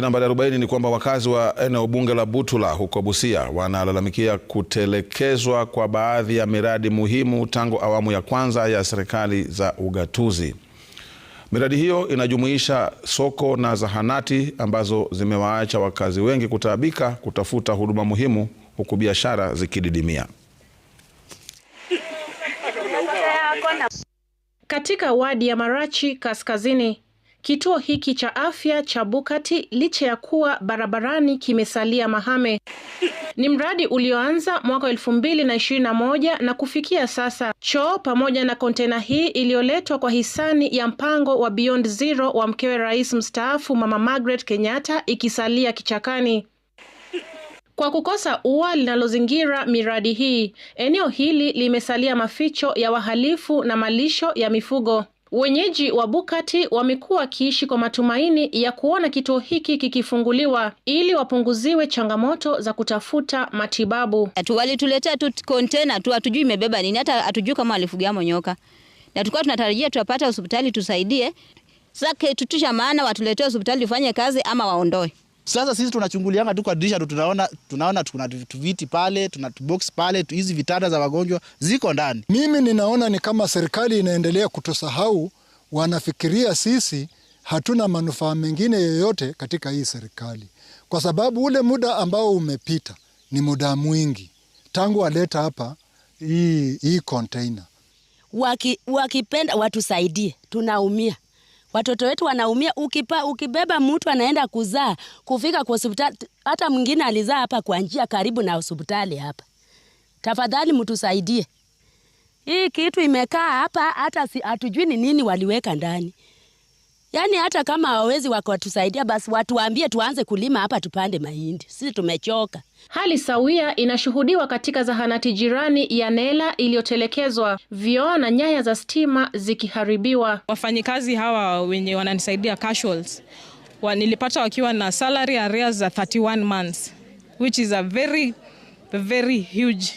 Nambari 40 ni kwamba wakazi wa eneo bunge la Butula huko Busia wanalalamikia kutelekezwa kwa baadhi ya miradi muhimu tangu awamu ya kwanza ya serikali za ugatuzi. Miradi hiyo inajumuisha soko na zahanati ambazo zimewaacha wakazi wengi kutaabika kutafuta huduma muhimu huku biashara zikididimia. Katika wadi ya Marachi Kaskazini Kituo hiki cha afya cha Bukati licha ya kuwa barabarani kimesalia mahame. Ni mradi ulioanza mwaka elfu mbili na ishirini na moja na kufikia sasa choo pamoja na kontena hii iliyoletwa kwa hisani ya mpango wa Beyond Zero wa mkewe rais mstaafu Mama Margaret Kenyatta ikisalia kichakani kwa kukosa ua linalozingira miradi hii. Eneo hili limesalia maficho ya wahalifu na malisho ya mifugo. Wenyeji wa Bukati wamekuwa wakiishi kwa matumaini ya kuona kituo hiki kikifunguliwa ili wapunguziwe changamoto za kutafuta matibabu. Walituletea tu kontena tu, hatujui imebeba nini, hata hatujui kama walifugia nyoka, na tulikuwa tunatarajia tuwapate hospitali tusaidie. Sasa kitu cha maana watuletee hospitali tufanye kazi ama waondoe. Sasa sisi tunachungulianga tu kwa dirisha tu, tunaona tunaona kuna viti pale, tuna box pale, hizi vitanda za wagonjwa ziko ndani. Mimi ninaona ni kama serikali inaendelea kutusahau, wanafikiria sisi hatuna manufaa mengine yoyote katika hii serikali, kwa sababu ule muda ambao umepita ni muda mwingi tangu waleta hapa hii hii container. Waki, wakipenda watusaidie, tunaumia watoto wetu wanaumia. Ukipa, ukibeba mtu anaenda kuzaa kufika kwa hospitali, hata mwingine alizaa hapa kwa njia karibu na hospitali hapa. Tafadhali mtusaidie, hii kitu imekaa hapa, hata hatujui ni nini waliweka ndani. Yaani hata kama hawawezi wakatusaidia, basi watuambie tuanze kulima hapa, tupande mahindi, sisi tumechoka. Hali sawia inashuhudiwa katika zahanati jirani ya Nela iliyotelekezwa, vioo na nyaya za stima zikiharibiwa. Wafanyikazi hawa wenye wananisaidia casuals wa, nilipata wakiwa na salary arrears za 31 months which is a very very huge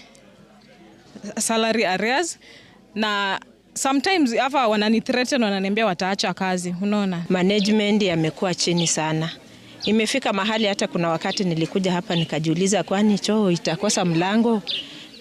salary arrears na sometimes hapa threaten wananiambia wataacha kazi. Unaona, management yamekuwa chini sana. Imefika mahali hata kuna wakati nilikuja hapa nikajiuliza, kwani choo itakosa mlango?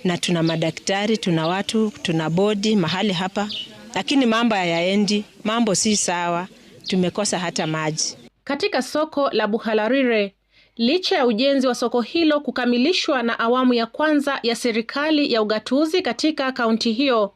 Na tuna madaktari, tuna watu, tuna bodi mahali hapa, lakini mambo hayaendi, mambo si sawa, tumekosa hata maji katika soko la Buhalarire. Licha ya ujenzi wa soko hilo kukamilishwa na awamu ya kwanza ya serikali ya ugatuzi katika kaunti hiyo,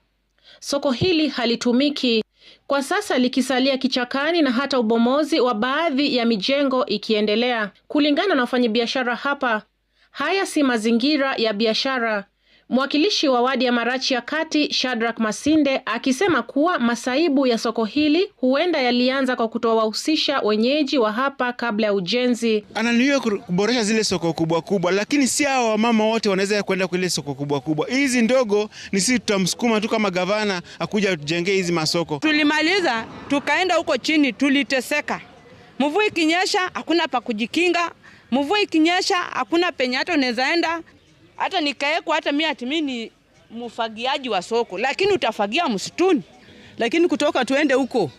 Soko hili halitumiki kwa sasa likisalia kichakani na hata ubomozi wa baadhi ya mijengo ikiendelea. Kulingana na wafanyabiashara hapa, haya si mazingira ya biashara. Mwakilishi wa wadi ya Marachi ya Kati Shadrack Masinde akisema kuwa masaibu ya soko hili huenda yalianza kwa kutowahusisha wenyeji wa hapa kabla ya ujenzi. ananuia kuboresha zile soko kubwa kubwa, lakini si hawa wamama wote wanaweza kwenda kwa ile soko kubwa kubwa. Hizi ndogo ni sisi tutamsukuma tu kama gavana akuja tujengee hizi masoko. Tulimaliza tukaenda huko chini, tuliteseka. Mvua ikinyesha hakuna pa kujikinga, mvua ikinyesha hakuna penye hata unaweza enda hata nikaekwa hata mimi atimi ni mfagiaji wa soko, lakini utafagia msituni. Lakini kutoka tuende huko,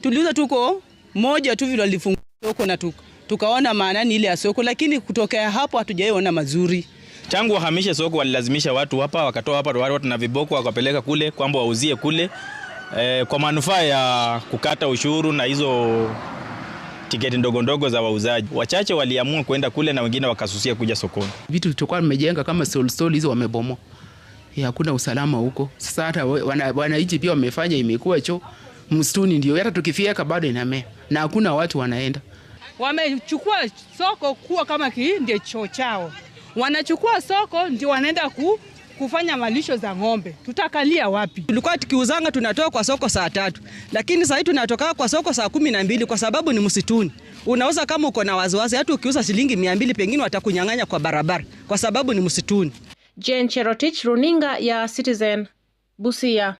tuliuza tuko moja tu vile walifungua soko na tuka, tukaona maanani ile ya soko, lakini kutokea hapo hatujaiona mazuri. Tangu wahamishe soko walilazimisha watu hapa, wakatoa hapa watu na viboko wakapeleka kule, kwamba wauzie kule eh, kwa manufaa ya kukata ushuru na hizo tiketi ndogo ndogo za wauzaji. Wachache waliamua kuenda kule na wengine wakasusia kuja sokoni. Vitu vilivyokuwa vimejenga kama stall stall hizo wamebomoa, hakuna usalama huko. Sasa hata wananchi pia wamefanya, imekuwa cho msituni, ndio hata tukifieka bado inamea na hakuna watu wanaenda. Wamechukua soko kuwa kama ki ndio choo chao, wanachukua soko ndio wanaenda ku kufanya malisho za ng'ombe, tutakalia wapi? Tulikuwa tukiuzanga tunatoa kwa soko saa tatu, lakini sasa tunatoka kwa soko saa kumi na mbili kwa sababu ni msituni. Unauza kama uko na waziwazi, hata ukiuza shilingi mia mbili pengine watakunyang'anya kwa barabara kwa sababu ni msituni. Jane Cherotich, runinga ya Citizen, Busia.